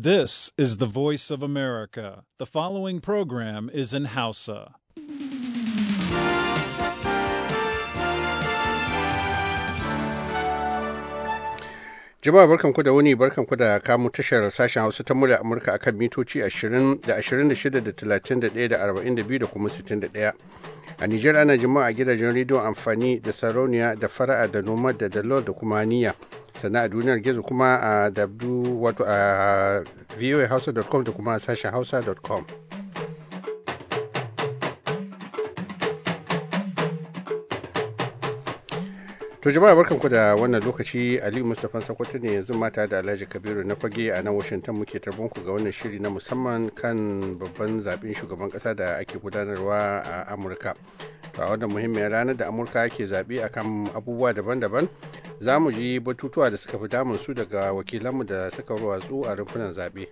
This is the voice of America. The following program is in Hausa. Jama'a barkanku da wuni barkanku da kamu tashar sashen Hausa ta murya Amurka akan mitoci 20 da 26 da 31 da 42 da kuma 61. a nijar ana jima'a gidajen rediyon amfani da sarauniya da fara'a da noma da dalo da kuma niyya sannan a duniyar gizo kuma a wato a voahouse.com da kuma sashen hausa.com to jama'a barkanku da wannan lokaci ali mustapha sakwato ne yanzu mata da alhaji kabiru na fage a nan washington muke ku ga wannan shiri na musamman kan babban zaben shugaban kasa da ake gudanarwa a amurka to a wannan muhimmiyar ranar da amurka ke zaɓe akan abubuwa daban-daban za mu ji batutuwa da suka fi damun su daga wakilanmu da suka ruwatsu a rumfunan zaɓe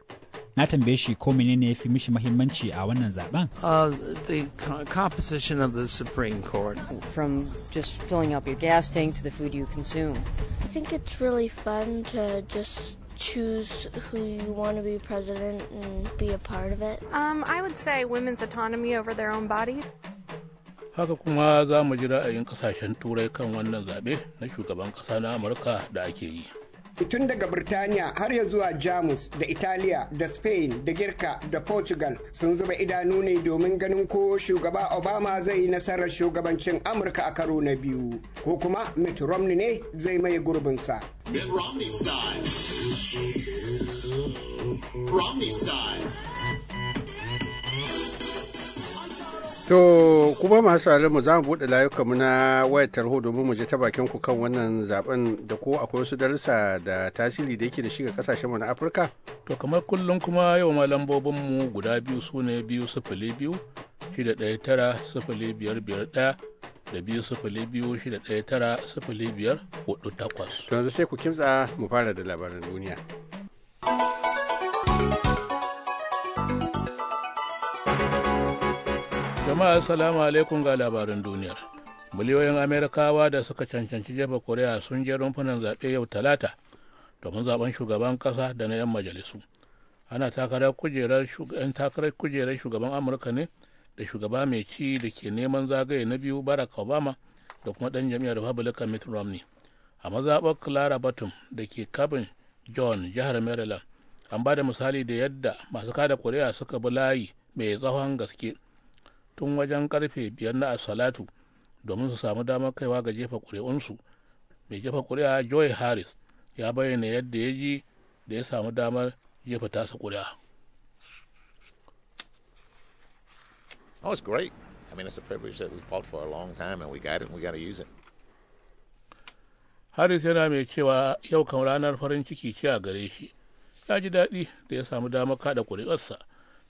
na tambaye shi ko menene ya fi mishi mahimmanci a wannan zaben uh, the composition of the supreme court from just filling up your gas tank to the food you consume i think it's really fun to just choose who you want to be president and be a part of it um, i would say women's autonomy over their own body haka kuma za mu ji ra'ayin kasashen turai kan wannan zaɓe na shugaban ƙasa na amurka da ake yi tun daga Birtaniya har ya zuwa Jamus da Italiya da Spain da Girka da Portugal sun zuba idanu ne domin ganin ko shugaba Obama zai yi nasarar shugabancin Amurka a karo na biyu ko kuma Mitt Romney ne zai mai gurbinsa. Mitt Romney style. Romney style. To kuma masu mu za mu buɗe layukanmu na wayar tarho domin mu je ta bakin ku kan wannan zaben da ko akwai wasu darussa da tasiri da yake da shiga kasashen mu na Afirka. To kamar kullum kuma yau ma lambobin mu guda biyu su ne biyu sifili biyu shida ɗaya tara sifili biyar biyar ɗaya da biyu sifili biyu shida ɗaya tara sifili biyar hudu takwas. To yanzu sai ku kimtsa mu fara da labaran duniya. jama'a assalamu alaikum ga labarin duniyar miliyoyin amerikawa da suka cancanci jefa korea sun je rumfunan zaɓe yau talata domin zaben shugaban ƙasa da na 'yan majalisu ana takarar kujerar shugaban amurka ne da shugaba mai ci da ke neman zagaye na biyu barack obama da kuma ɗan jami'ar republican mitt romney a mazaɓar clara bottom da ke kabin john jihar maryland an ba da misali da yadda masu kada korea suka bi layi mai tsawon gaske tun wajen karfe biyar na asalatu domin su samu damar kaiwa ga jefa ƙuri'unsu mai jefa ƙuri'a joy harris ya bayyana yadda ya ji da ya samu damar jefa tasa ƙuri'a Harris yana mai cewa yau kan ranar farin ciki ce a gare shi. Ya ji daɗi da ya samu damar kaɗa ƙuri'arsa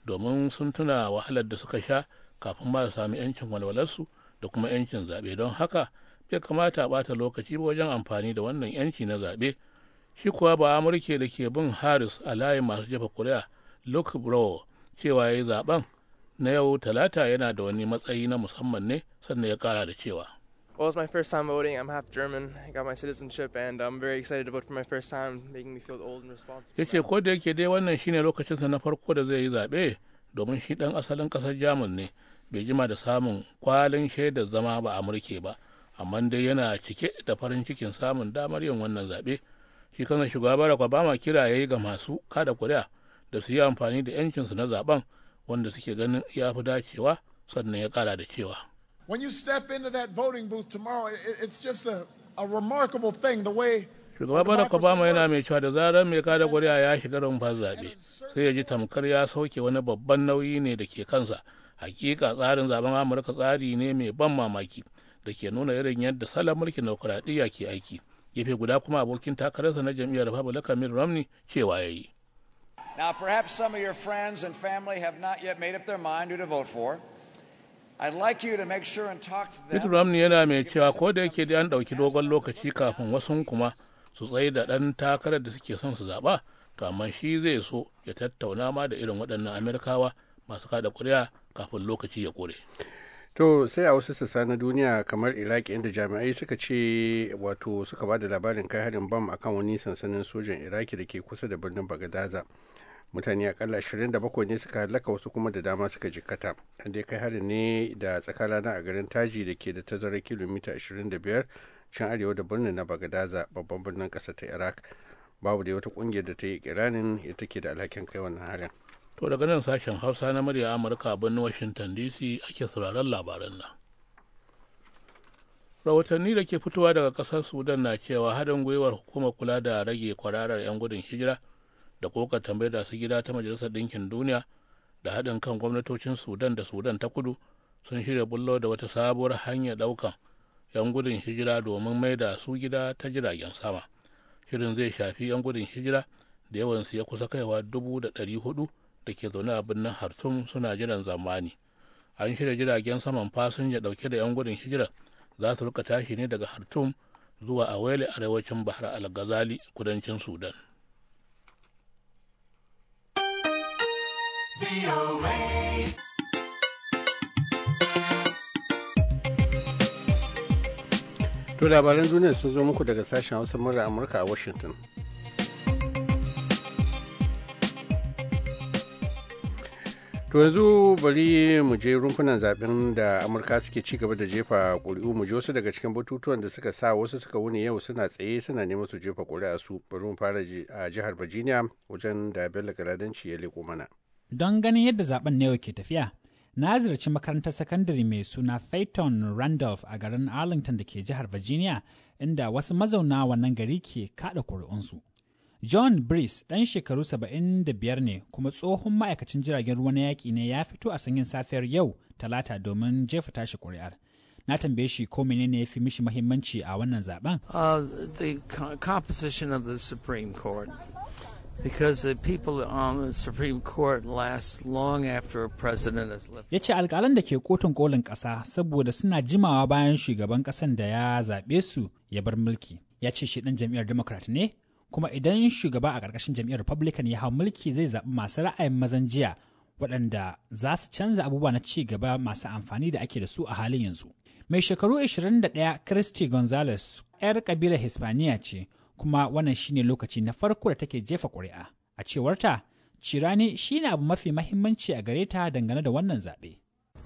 domin sun tuna wahalar da suka sha kafin ma su sami 'yancin walwalarsu da kuma 'yancin zaɓe don haka bai kamata a ɓata lokaci ba wajen amfani da wannan 'yanci na zaɓe shi kuwa ba amurke da ke bin haris a layin masu jefa kuri'a luke brow cewa ya yi zaben na yau talata yana da wani matsayi na musamman ne sannan ya kara da cewa Well, it's my first time voting. I'm half German. I got my citizenship, and I'm very excited to vote for my first time, making me feel old and responsible. Yace ko da yake dai wannan shine lokacinsa na farko da zai yi zaɓe domin shi ɗan asalin ƙasar Jamus ne, bai jima da samun kwalin shaidar zama ba a murke ba amma dai yana cike da farin cikin samun damar yin wannan zaɓe shi kansa shugaba barack obama kira ya ga masu kada kuri'a da su yi amfani da 'yancinsu na zaben wanda suke ganin ya fi dacewa sannan ya kara da cewa when you step into that voting booth tomorrow it's just a, thing the way shugaba barack obama yana mai cewa da zarar mai kada kuri'a ya shiga rumfar zaɓe sai ya ji tamkar ya sauke wani babban nauyi ne da ke kansa hakika tsarin zaben amurka tsari ne mai ban mamaki da ke nuna irin yadda salon mulkin demokuraɗiyya ke aiki gefe guda kuma abokin takararsa na jam'iyyar republican mitt romney cewa ya yi Now, perhaps some of your friends and family have not yet made up their mind who to vote for. I'd like you to make sure Mitt Romney yana mai cewa ko da yake dai an ɗauki dogon lokaci kafin wasu kuma su tsaye da ɗan takarar da suke son su zaɓa, to amma shi zai so ya tattauna ma da irin waɗannan Amerikawa masu kada kuri'a kafin lokaci ya kore to sai a wasu sassa na duniya kamar iraki inda jami'ai suka ce wato suka ba da labarin kai harin bam akan wani sansanin sojan iraki da ke kusa da birnin bagadaza mutane akalla 27 ne suka halaka wasu kuma da dama suka jikkata an dai kai harin ne da na a garin taji da ke da tazarar kilomita 25 can arewa da birnin na bagadaza babban birnin ƙasar ta iraq babu da wata ƙungiyar da ta yi kiranin ita ke da alhakin kai wannan harin To daga nan sashen Hausa na murya Amurka birnin Washington DC ake sauraron labaran nan. Rahotanni da ke fitowa daga ƙasar Sudan na cewa haɗin gwiwar hukumar kula da rage kwararar 'yan gudun hijira da koka tambayar da su gida ta Majalisar Ɗinkin Duniya da haɗin kan gwamnatocin Sudan da Sudan ta kudu sun shirya bullo da wata sabuwar hanyar ɗaukan 'yan gudun hijira domin mai da su gida ta jiragen sama. Shirin zai shafi 'yan gudun hijira da yawansu ya kusa kaiwa dubu da ɗari hudu da ke zaune a birnin hartum suna jiran zamani an shirya jiragen saman fasinja dauke da 'yan gudun hijira za su rika tashi ne daga hartum zuwa a awele arewacin bahar al-ghazali kudancin sudan To labaran duniya sun zo muku daga sashen hausa murar Amurka a Washington. to yanzu bari mu je rumfunan zaben da amurka suke ci gaba da jefa ƙuri'u mu je wasu daga cikin batutuwan da suka sa wasu suka wuni yau suna tsaye suna neman su jefa ƙuri'a su bari mu fara a jihar virginia wajen da bello galadanci ya leko mana don ganin yadda zaben na yau ke tafiya na ziyarci makarantar sakandare mai suna Phaeton Randolph a garin Arlington da ke jihar Virginia, inda wasu mazauna wannan gari ke kada kuri'unsu. John Breeze ɗan shekaru 75 ne kuma tsohon ma'aikacin jiragen ruwa na yaƙi ne ya fito a sanyin safiyar yau talata domin jefa tashi ƙuri'ar. Na tambaye shi ko menene ya fi mishi mahimmanci a wannan zaben? Uh, the composition of the Supreme Court. Because the people on the Supreme Court last long after a president has left. Ya ce alƙalan da ke kotun kolin ƙasa saboda suna jimawa bayan shugaban ƙasan da ya zaɓe su ya bar mulki. Ya ce shi ɗan jam'iyyar Democrat ne kuma idan shugaba a ƙarƙashin jam'iyyar republican ya hau mulki zai zaɓi masu ra'ayin mazan jiya waɗanda za su canza abubuwa na ci gaba masu amfani da ake da su a halin yanzu mai shekaru 21 christy gonzales 'yar ƙabilar hispaniya ce kuma wannan shine lokaci na farko da take jefa ƙuri'a a cewarta cirani shine abu mafi mahimmanci a gare ta dangane da wannan zaɓe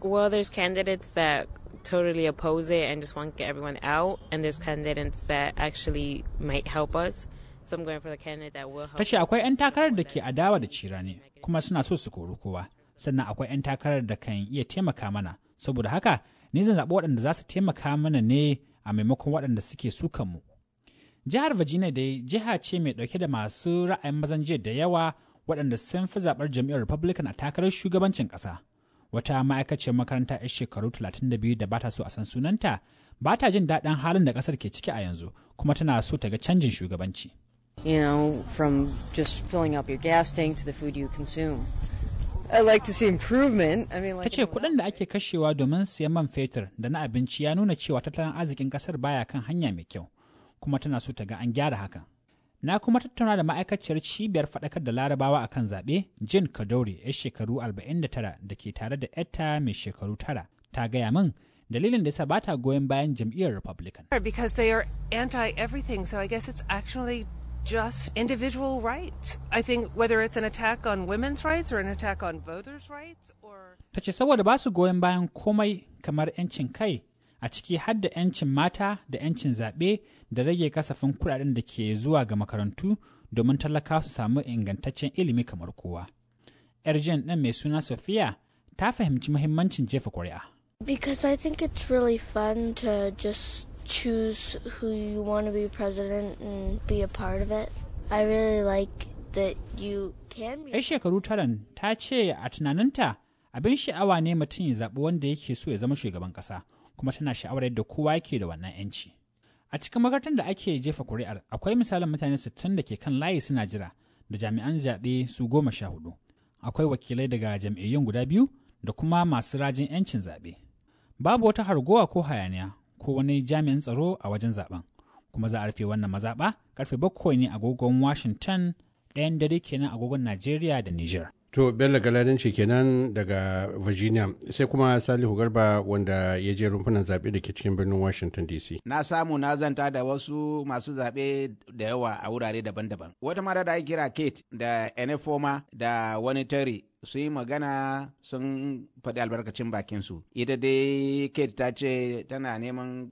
well there's candidates that totally oppose it and just want to get everyone out and there's candidates that actually might help us Ta ce akwai 'yan takarar da ke adawa da ne, kuma suna so su kori kowa, sannan akwai 'yan takarar da kan iya taimaka mana. Saboda haka, ni zan zaɓi waɗanda za su taimaka mana ne a maimakon waɗanda suke sukan mu. Jihar Virginia dai jiha ce mai ɗauke da masu ra'ayin mazan jiya da yawa waɗanda sun fi zaɓar jami'ar Republican a takarar shugabancin ƙasa. Wata ma'aikaciyar makaranta 'yar shekaru talatin da ba ta so a san sunanta ba ta jin daɗin halin da ƙasar ke ciki a yanzu kuma tana so ta ga canjin shugabanci. you know, from just filling up your gas tank to the food you consume. I like to see improvement. I mean, like, Tace kuɗin da ake kashewa domin siyan man fetur da na abinci ya nuna cewa tattalin arzikin ƙasar baya kan hanya mai kyau, kuma tana so ta ga an gyara hakan. Na kuma tattauna da ma'aikaciyar cibiyar faɗakar da larabawa a kan zaɓe, Jin Kadori, 'yar shekaru 49 da ke tare da 'yarta mai shekaru tara, ta gaya min dalilin da yasa ba ta goyon bayan jam'iyyar Republican. Because they are anti everything, so I guess it's actually just individual rights. I think whether it's an attack on women's rights or an attack on voters' rights or tace saboda ba su goyon bayan komai kamar 'yancin kai a ciki har da 'yancin mata da 'yancin zaɓe da rage kasafin kuɗaɗen da ke zuwa ga makarantu domin talaka su samu ingantaccen ilimi kamar kowa. 'Yar jin ɗin mai suna Sofiya ta fahimci muhimmancin jefa ƙuri'a. Because I think it's really fun to just choose who you want to be president and be a part of it. I really like that you can be. Yar shekaru taran ta ce a tunaninta abin sha'awa ne mutum ya zaɓi wanda yake so ya zama shugaban ƙasa kuma tana sha'awar yadda kowa yake da wannan 'yanci. A cikin makarantar da ake jefa kuri'ar akwai misalin mutane sittin da ke kan layi suna jira da jami'an zaɓe su goma sha hudu. Akwai wakilai daga jam'iyyun guda biyu da kuma masu rajin 'yancin zaɓe. Babu wata hargowa ko hayaniya ko wani jami'in tsaro a wajen zaben kuma za a rufe wannan mazaɓa karfe bakwai ne agogon washington ɗayan dare kenan agogon nigeria da niger to bello galadanci kenan daga virginia sai kuma salihu garba wanda ya je rumfunan zaɓe da ke cikin birnin washington dc na samu na zanta da wasu masu zaɓe da yawa a wurare daban-daban wata mara da kira kate da enefoma da wani terry su yi magana sun faɗi albarkacin bakinsu ita dai kate ta ce tana neman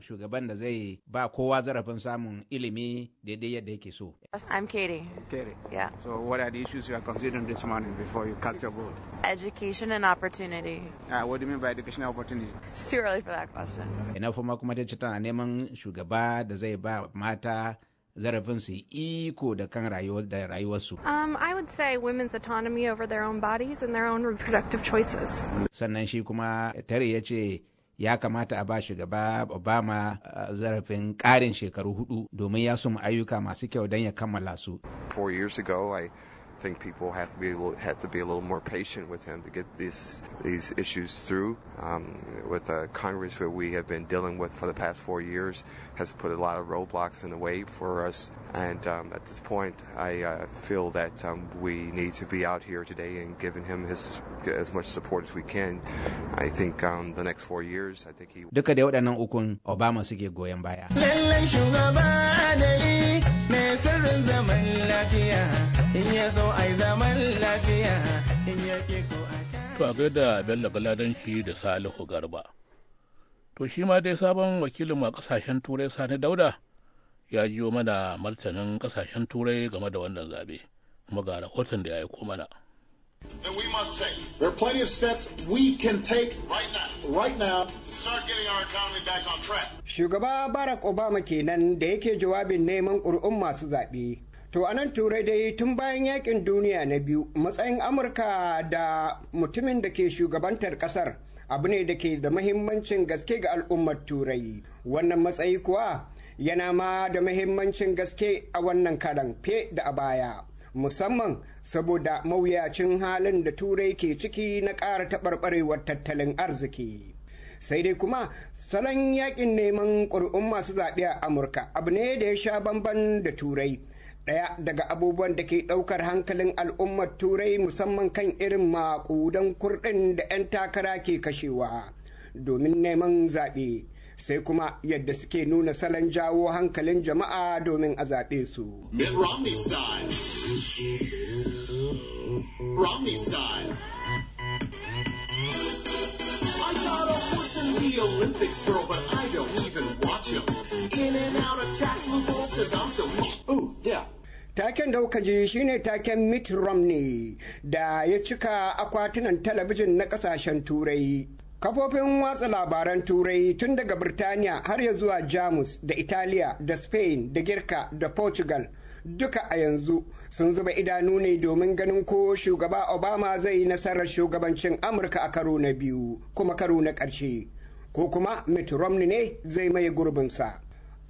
shugaban da zai ba kowa zarafin samun ilimi daidai yadda yake so i'm katie katie yeah so what are the issues you are considering this morning before you cast your vote education and opportunity uh, what do you mean by education opportunity it's too early for that question ina kuma kuma ta ce tana neman shugaba da zai ba mata zarafin su iko da kan rayuwar da rayuwarsu. Um, I would say women's autonomy over their own bodies and their own reproductive choices. Sannan shi kuma tare ya ce ya kamata a ba shugaba Obama uh, zarafin ƙarin shekaru hudu domin ya suma ayyuka masu kyau don ya kammala su. Four years ago, I think people have to be a little, have to be a little more patient with him to get these these issues through. Um, with uh, Congress, that we have been dealing with for the past four years, has put a lot of roadblocks in the way for us. And um, at this point, I uh, feel that um, we need to be out here today and giving him his as much support as we can. I think um, the next four years, I think he. Duka da Obama suke in ya zaman lafiya ko to a gaida bello galadanci da salihu garba to shi ma dai sabon wakilin a kasashen turai sani dauda ya jiyo mana martanin kasashen turai game da wannan zabe kuma ga rahoton da ya yi mana that we must take. There are plenty of steps we can take right now, right now to start getting our economy back on track. Shugaba Barack Obama kenan da yake jawabin neman ƙuri'un masu zaɓe. To a nan turai dai tun bayan yakin duniya na biyu matsayin Amurka da mutumin da ke shugabantar kasar abu ne da ke da mahimmancin gaske ga al'ummar turai. Wannan matsayi kuwa yana ma da mahimmancin gaske a wannan karan fe da a baya. Musamman saboda mawuyacin halin da turai ke ciki na ƙara taɓarɓarewar tattalin arziki. sai dai kuma salon yakin neman ƙuri'un masu zaɓe a amurka abu ne da ya sha bamban da turai Ɗaya daga abubuwan da ke ɗaukar hankalin al'ummar turai musamman kan irin maƙudan kurɗin da 'yan takara ke kashewa domin neman zaɓe sai kuma yadda suke nuna salon jawo hankalin jama'a domin a zaɓe su. Olympics, girl, but I don't even watch them. In and out of tax loopholes, cause I'm so Mm, taken da kuka ji shine taken Mitt Romney da ya cika akwatunan talabijin na kasashen turai. Kafofin watsa labaran turai tun daga Birtaniya har ya zuwa Jamus da Italiya da Spain da Girka da Portugal duka a yanzu sun zuba idanu ne domin ganin ko shugaba Obama zai yi nasarar shugabancin Amurka a karo na biyu kuma karo na ƙarshe ko kuma Mitt Romney ne zai maye gurbinsa.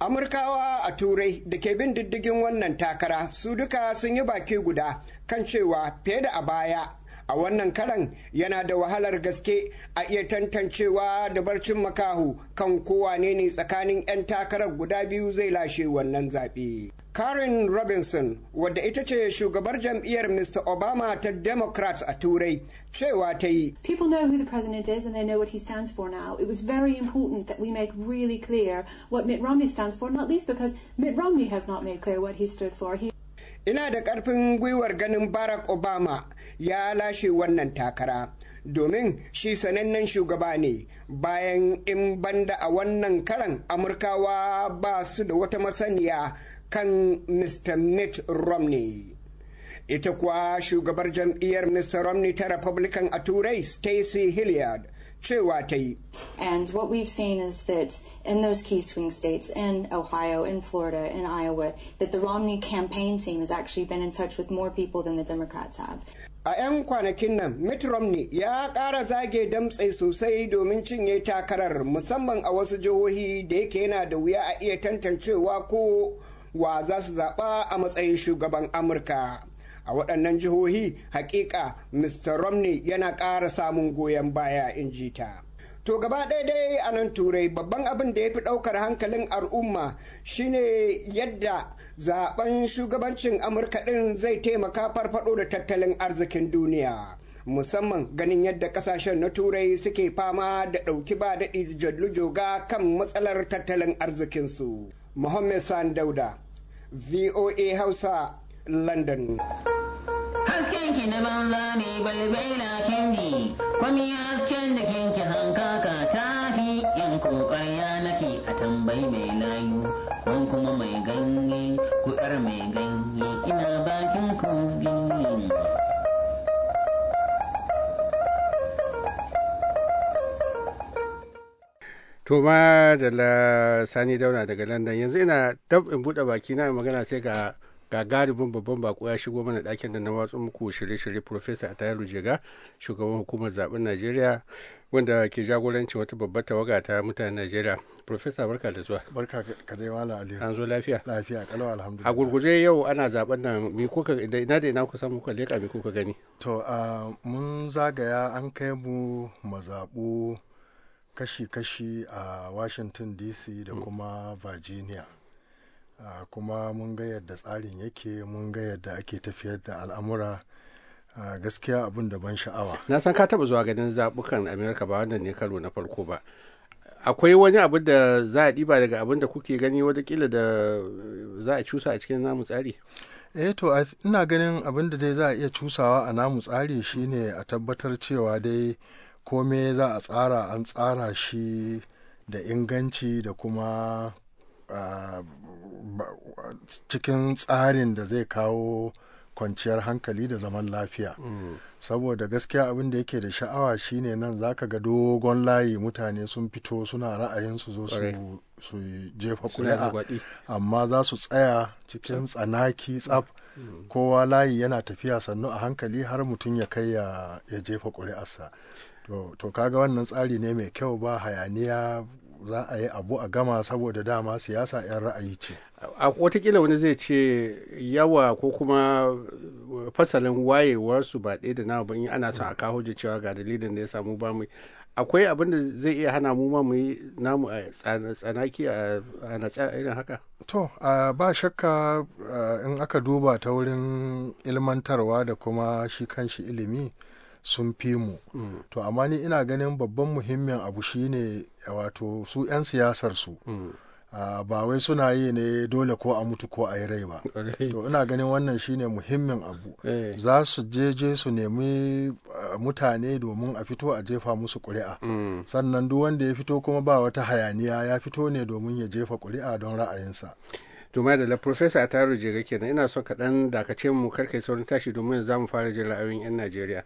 Amurkawa a Turai da ke bin diddigin wannan takara su duka sun yi baki guda kan cewa fiye da a baya a wannan karan yana da wahalar gaske a iya tantancewa da barcin makahu kan kowa ne ne tsakanin 'yan takarar guda biyu zai lashe wannan zaɓe. Karen Robinson, wadda ita ce shugabar jam'iyyar Mr. Obama ta Democrats a Turai, cewa ta yi. People know who the president is and they know what he stands for now. It was very important that we make really clear what Mitt Romney stands for, not least because Mitt Romney has not made clear what he stood for. He... Ina da ƙarfin gwiwar ganin Barack Obama ya lashe wannan takara domin shi sanannen shugaba ne bayan in banda a wannan karan amurkawa ba su da wata masaniya kan mr mitt romney ita kuwa shugabar jam'iyyar mr romney ta republican a turai stacey hilliard cewa ta yi and what we've seen is that in those key swing states in ohio in florida in iowa that the romney campaign team has actually been in touch with more people than the democrats have a 'yan kwanakin nan mitt romney ya ƙara zage damtse sosai domin cinye takarar musamman a wasu jihohi da yake yana da wuya a iya tantancewa ko wa za su zaɓa a matsayin shugaban amurka a waɗannan jihohi hakika mr romney yana ƙara samun goyon baya in ji ta to gaba daidai a nan turai babban abin da ya fi ɗaukar hankalin al'umma shine yadda zaben shugabancin amurka ɗin zai taimaka farfado da tattalin arzikin duniya musamman ganin yadda kasashen na turai suke fama da ɗauki ba daɗi joga kan matsalar tattalin arzikinsu Mohammed Dauda, VOA Hausa, London. Hasken ki na banza ne bai na kendi, kwami hasken To ma da sani dauna daga London yanzu ina dab in buɗe baki na magana sai ga ga gagarumin babban bako ya shigo mana ɗakin da na watsu muku shirye-shirye Profesa Atayar Rujega shugaban hukumar zaben Najeriya wanda ke jagorancin wata babbar tawaga ta mutanen Najeriya. Profesa barka da zuwa. Barka ka dai wala Aliyu. An zo lafiya. Lafiya kalau alhamdulillah. A gurguje yau ana zaben nan mi kuka da ina da ina san muka leka mi kuka gani. To ah, mun zagaya an kai mu mazabu kashi-kashi a washington dc da mm. kuma virginia uh, kuma mun ga yadda tsarin yake mun ga yadda ake tafiyar da al'amura uh, gaskiya abin da ban sha'awa na san ka taba zuwa ganin zabukan amerika ba wannan ne karo na farko ba akwai wani abu da za a ɗiba daga abin da kuke gani watakila da za a cusa a cikin namu tsari eh to ina ganin abin da dai za a iya cusawa a namu tsari shine a tabbatar cewa dai kome za a tsara an tsara shi da inganci da kuma cikin tsarin da zai kawo kwanciyar hankali da zaman lafiya mm. saboda gaskiya abin da yake da sha'awa shine nan zaka ga dogon layi mutane sun fito suna ra'ayin su zo su jefa kuri'a amma za su tsaya cikin tsanaki tsaf mm. kowa layi yana tafiya sannu a hankali har mutum ya kai ya jefa kuri'arsa to kaga wannan tsari ne mai kyau ba hayaniya za a yi abu a gama saboda dama siyasa 'yan ra'ayi ce a watakila wani zai ce yawa ko kuma fasalin wayewar su ba ɗaya da nawa ban ana son a kawo cewa ga dalilin da ya samu ba mu akwai abin da zai iya hana mu ma mu yi namu eh, a tsanaki a natsa irin haka to ba shakka eh, in aka duba ta wurin ilmantarwa da kuma shi kanshi ilimi sun fi mu mm. to amma ni ina ganin babban muhimmin abu shine wato su 'yan siyasarsu. su mm. ba wai suna yi ne dole ko a mutu ko a yi rai ba to ina ganin wannan shine muhimmin abu eh. za su je su nemi mutane domin a fito a jefa musu kuri'a mm. sannan duk wanda ya fito kuma ba wata hayaniya ya fito ne domin ya jefa kuri'a don ra'ayinsa da la Profesa ataru jega kenan ina so kaɗan dakace mu karkai saurin tashi domin za mu fara jin ra'ayoyin 'yan najeriya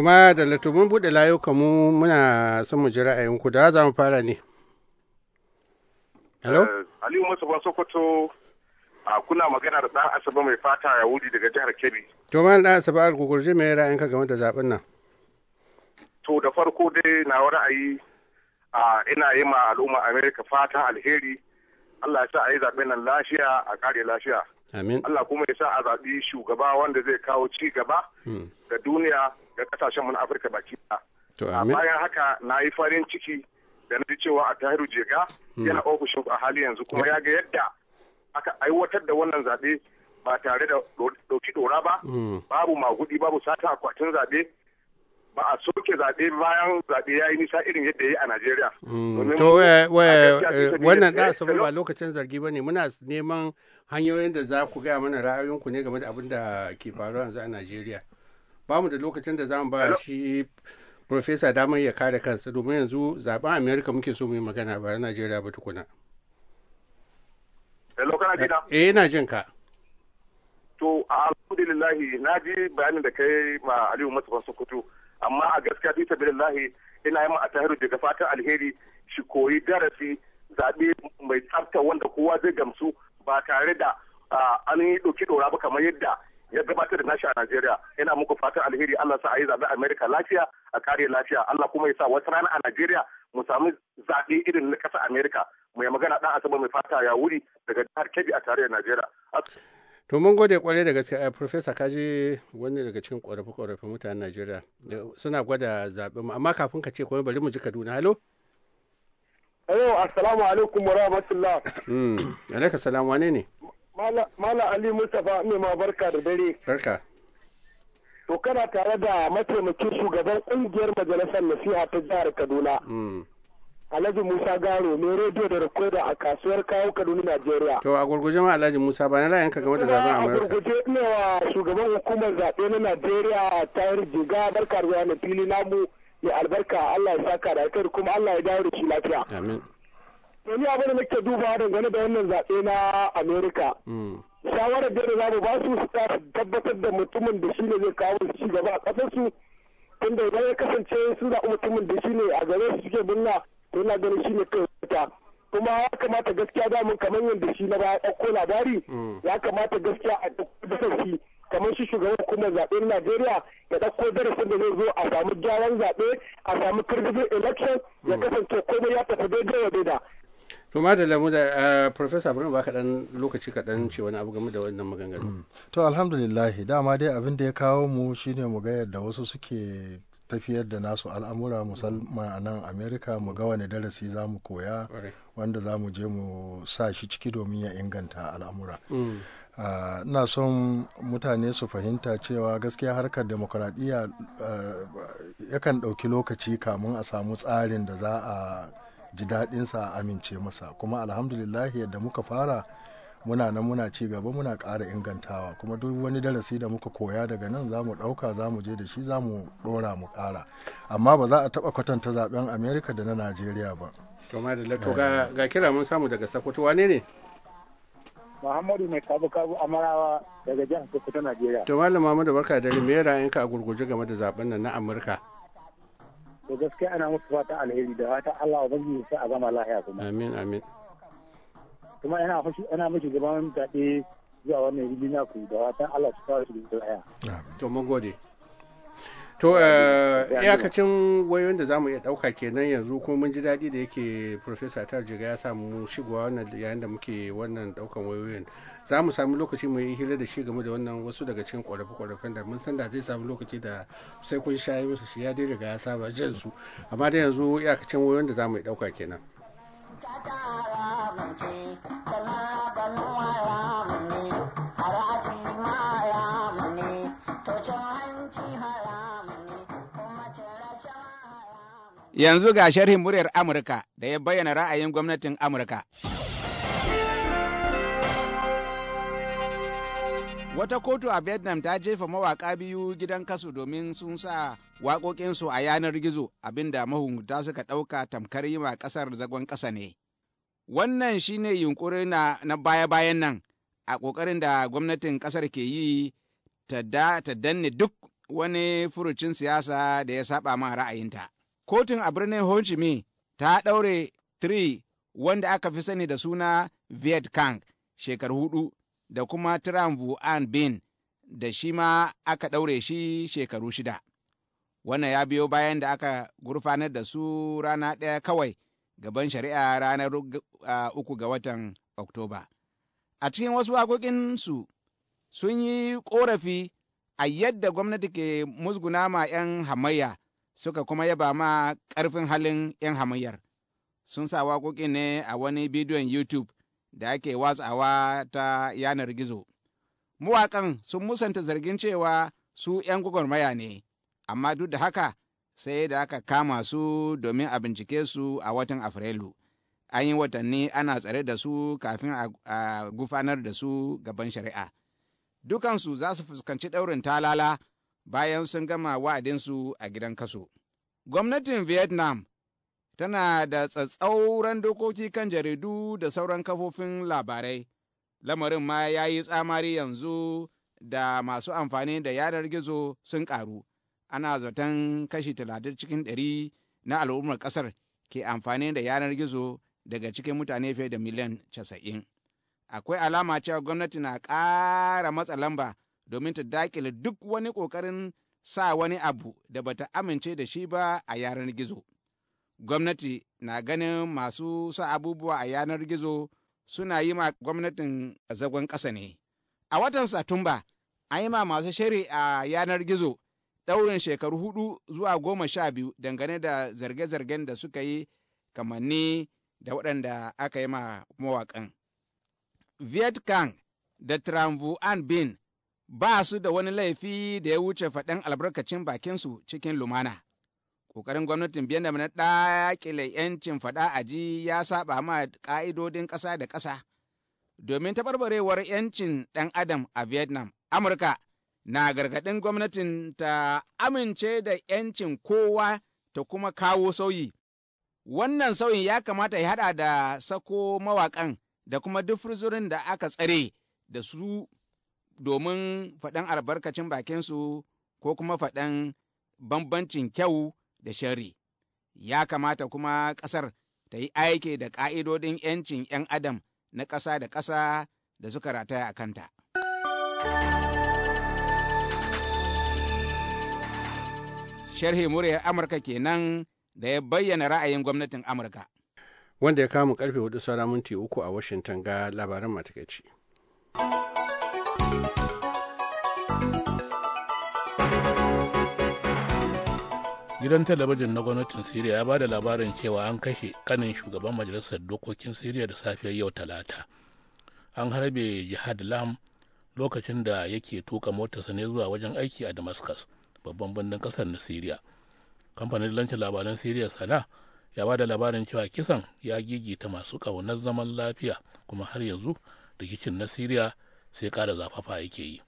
ma da mun bude layuka mu muna son mu ji ku da za mu fara ne. Hello? Eh, Aliyu Mustapha Sokoto kuna magana da ɗan asaba mai fata ya wudi daga jihar Kebbi. To ma dan asaba a gugurje mai ka game da zaben nan? To da farko dai na ra'ayi ina yi ma al'umma Amerika fata alheri Allah ya sa a yi zaɓen nan lafiya a ƙare lafiya. Amin. Allah kuma ya sa a zaɓi shugaba wanda zai kawo ci gaba hmm. ga duniya ga kasashen mun Afirka baki ɗaya. Amin. bayan haka na yi farin ciki da na ji cewa a Tahiru Jega hmm. yana ofishin a hali yanzu kuma hmm. ya ga yadda aka aiwatar da wannan zaɓe ba tare da ɗauki ɗora ba, babu magudi babu sata akwatin zaɓe. ba a soke zaɓe bayan zaɓe ya yi nisa irin yadda ya yi a Najeriya. Mm. To eh, eh, wannan da asabar eh, ba lokacin zargi ba ne muna neman hanyoyin da za ku gaya mana ra'ayoyinku ne game da abin da ke faruwa yanzu a Najeriya. Ba mu da lokacin da za mu ba shi Profesa damar ya kare kansa domin yanzu zaɓen Amerika muke so mu yi magana ba Najeriya ba tukuna. Hello, kana jina? Eh, ina jin ka. To, alhamdulillahi, na ji bayanin da kai ma Aliyu Mustapha Sokoto. amma a gaskiya fi lahi ina yi a tahiru daga fatan alheri shi koyi darasi zaɓe mai tsafta wanda kowa zai gamsu ba tare da an yi ɗauki ɗora ba kamar yadda ya gabatar da nashi a Najeriya ina muku fatan alheri Allah sa a yi zaɓe Amerika lafiya a kare lafiya Allah kuma ya sa wata rana a Najeriya mu samu zaɓe irin na ƙasa Amerika mai magana ɗan asabar mai fata ya wuri daga jihar Kebbi a tarayyar Najeriya. to mun gode kwarai da gaske eh, professor kaji wani daga cikin ƙorafi ƙorafi mutanen najeriya suna gwada zaɓe mu amma kafin ka ce kuma bari mu ji kaduna halo halo assalamu alaikum wa rahmatullah. Hmm. Alaika salam wane ne? Mala Ali Mustapha mai ma barka da dare. Barka. To kana tare da mataimakin shugaban kungiyar majalisar nasiha ta jihar Kaduna. Hmm. Alhaji Musa Garo mai rediyo da rikoda a kasuwar kawo Kaduna Najeriya. To a gurguje ma Alhaji Musa ba na ka game da zaben Amurka. A gurguje ne wa shugaban hukumar zaɓe na Najeriya yi Jiga barka da wani fili namu mai albarka Allah ya saka da kai kuma Allah ya dawo da shi lafiya. Amin. To ni abin da nake dubawa dangane da wannan zaɓe na Amerika. Hmm. Shawarar da za mu ba su su tabbatar da mutumin da shi ne zai kawo ci gaba a ƙasarsu. Tunda idan ya kasance su mutumin da shi ne a gare su suke binna to ganin shi ne kai kuma ya kamata gaskiya da mun kamar yadda shi na baya ɗauko labari mm. ya kamata gaskiya a ɗauko darasi kamar shi shugaban hukumar zaɓen na Najeriya ya ɗauko darasin da zai zo a samu gyaran zaɓe a samu kirgizin election ya mm. kasance komai ya tafi daidai wa daida. to madalla mu da eh, profesa abu ba kaɗan lokaci kaɗan ce wani abu game da wannan maganganu. Mm. to alhamdulillah dama dai abin da ya kawo mu shine mu ga yadda wasu suke tafiyar da nasu al'amura musamman a nan amerika mu ga wani darasi za mu koya wanda za mu je mu sa shi ciki domin ya inganta al'amura mm. ah, ina son mutane su fahimta cewa gaskiya harkar demokuraɗiyya ah, yakan ɗauki lokaci kamun a samu tsarin da za a ji daɗinsa a amince masa kuma alhamdulillahi yadda muka fara muna nan muna ci gaba muna ƙara ingantawa kuma duk wani darasi da muka koya daga nan za mu ɗauka za mu je da shi za mu ɗora mu ƙara amma ba za a taɓa kwatanta zaben amerika da na najeriya ba to ga kira mun samu daga sakwato wane ne muhammadu mai kabu kabu amarawa daga jihar sokoto najeriya to malam da barka da me ka a gurguje game da zaben nan na amurka to gaskiya ana musu fata alheri da fata allah ubangiji sai a gama lahiya kuma amin amin kuma yana fashi ana mashi gaban zaɓe zuwa wannan ribi na ku da watan Allah su kawo shi da laya. To mun gode. To eh, iyakacin wayoyin da zamu iya ɗauka kenan yanzu kuma mun ji daɗi da yake Profesa Tarjiga ya samu shigowa wannan yayin da muke wannan ɗaukan wayoyin. Za mu sami lokaci mu yi hira da shi game da wannan wasu daga cikin ƙorafe-ƙorafen da mun san da zai sami lokaci da sai kun shayi masa shi ya dai riga ya saba jan su. Amma da yanzu iyakacin wayoyin da za mu yi ɗauka kenan. Yanzu ga sharhin muryar Amurka da ya bayyana ra'ayin gwamnatin Amurka. Wata kotu a Vietnam ta jefa mawaƙa biyu gidan kasu domin sun sa waƙoƙinsu a yanar gizo abinda mahunguta suka ɗauka tamkar yi ma ƙasar zagon ƙasa ne. wannan shine yunkuri na baya-bayan nan a ƙoƙarin da gwamnatin ƙasar ke yi ta danne duk wani furucin siyasa da ya saba ma ra'ayinta. Kotun a birnin Ho ta ɗaure Tri wanda aka fi sani da suna Viet Cong shekaru hudu da kuma Tram Vuan Bin da shi ma aka ɗaure shi shekaru shida. Wannan ya biyo bayan da aka gurfanar da su rana ɗaya kawai gaban shari'a ranar uku ga watan Oktoba. A cikin wasu su sun yi ƙorafi a yadda gwamnati ke musguna ma 'yan hamayya suka kuma yaba ma ƙarfin halin 'yan hamayyar. Sun sa waƙoƙin ne a wani bidiyon YouTube da ake watsawa ta yanar gizo. Mawaƙan sun musanta zargin cewa su 'yan gwagwarmaya ne, amma duk da haka sai da aka kama su domin a bincike su a watan afrilu an yi watanni ana tsare da su kafin a gufanar da su gaban shari'a dukansu za su fuskanci ɗaurin talala bayan sun gama wa'adinsu a gidan kaso gwamnatin vietnam tana da tsatsauran dokoki kan jaridu da sauran kafofin labarai lamarin ma ya yi tsamari yanzu da masu amfani da yanar gizo sun ƙaru ana zaton kashi talatin cikin ɗari na al'ummar ƙasar ke amfani da yanar gizo daga cikin mutane fiye da miliyan casa'in. Akwai alama cewa gwamnati na ƙara matsa lamba domin ta dakile duk wani ƙoƙarin sa wani abu da bata amince da shi ba a yanar gizo. Gwamnati na ganin masu sa abubuwa a yanar gizo suna yi ma gwamnatin zagon ƙasa ne. A watan Satumba, an yi ma masu shiri a yanar gizo ɗaurin shekaru hudu zuwa goma sha biyu dangane da zarge-zargen da suka yi kamanni da waɗanda aka yi ma mawaƙan. Vietcong da An Bin ba su da wani laifi da ya wuce faɗin albarkacin bakinsu cikin lumana. Ƙoƙarin gwamnatin biyan da na ɗakile 'yancin faɗa ji ya saɓa ma ƙa'idodin ƙasa da ƙasa. Domin taɓarɓarewar 'yancin ɗan Adam a Vietnam, Amurka na gargaɗin gwamnatin ta amince da ‘yancin kowa ta kuma kawo sauyi. Wannan sauyin ya kamata ya haɗa da sako mawaƙan da kuma duk da aka tsare da su domin faɗan albarkacin bakinsu ko kuma faɗan bambancin kyau da shari. Ya kamata kuma ƙasar ta yi aiki da ƙa'idodin ‘yancin ‘yan adam na ƙasa da ƙasa da suka rataya a kanta. sharhi muryar amurka kenan da ya bayyana ra'ayin gwamnatin amurka wanda ya kama karfe hudu sara minti uku a washington ga labaran matakaici gidan talabijin na gwamnatin siriya ya ba da labarin cewa an kashe kanin shugaban majalisar dokokin siriya da safiyar yau talata an harbe jihad lam lokacin da yake tuka motarsa ne zuwa wajen aiki a damascus babban birnin kasar na siriya kamfanin lancin labaran siriya sana ya ba da labarin cewa kisan ya gigita masu ƙaunar zaman lafiya kuma har yanzu rikicin na siriya sai ƙara zafafa yake yi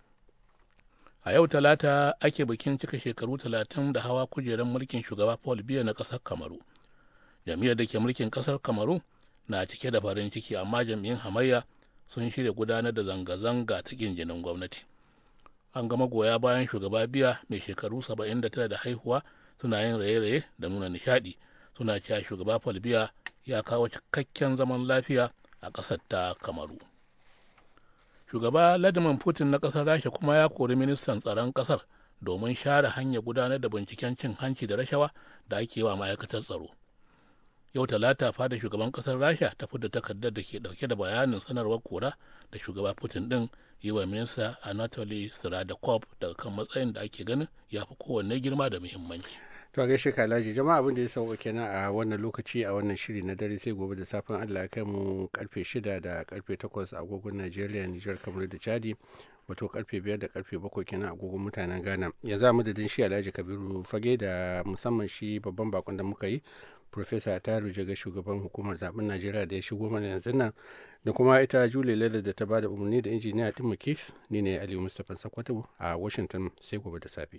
a yau talata ake bikin cika shekaru talatin da hawa kujerar mulkin shugaba paul biya na ƙasar kamaru jam'iyyar da ke mulkin ƙasar kamaru na cike da farin ciki amma jam'iyyun hamayya sun shirya gudanar da zanga-zanga ta ƙin jinin gwamnati an ga magoya bayan shugaba biya mai shekaru 79 da haihuwa suna yin raye-raye da nuna nishadi suna cewa shugaba falbiya ya kawo cikakken zaman lafiya a ƙasar ta kamaru shugaba ladiman putin na ƙasar rasha kuma ya kori ministan tsaron ƙasar domin share hanyar gudanar da binciken cin hanci da rashawa da ake wa ma'aikatar tsaro yau talata fada shugaban ƙasar rasha ta da takardar da ke ɗauke da bayanin sanarwar kora da shugaba putin ɗin yi wa minista anatoly siradakov daga kan matsayin da ake ganin ya fi kowanne girma da muhimmanci to a gaishe kalaji jama'a abin ya sauka kenan a wannan lokaci a wannan shiri na dare sai gobe da safin allah kai mu karfe shida da karfe takwas a agogon nigeria nijar kamar da chadi wato karfe biyar da karfe bakwai kenan agogon mutanen ghana yanzu a madadin shi alhaji kabiru fage da musamman shi babban bakon da muka yi profesa taru jaga shugaban hukumar zaben najeriya da ya shigo mana yanzu nan da kuma ita julie leather da ta bada umarni da injiniya din mckis ni ne aliyu mustapha sakwato a washington sai gobe da safe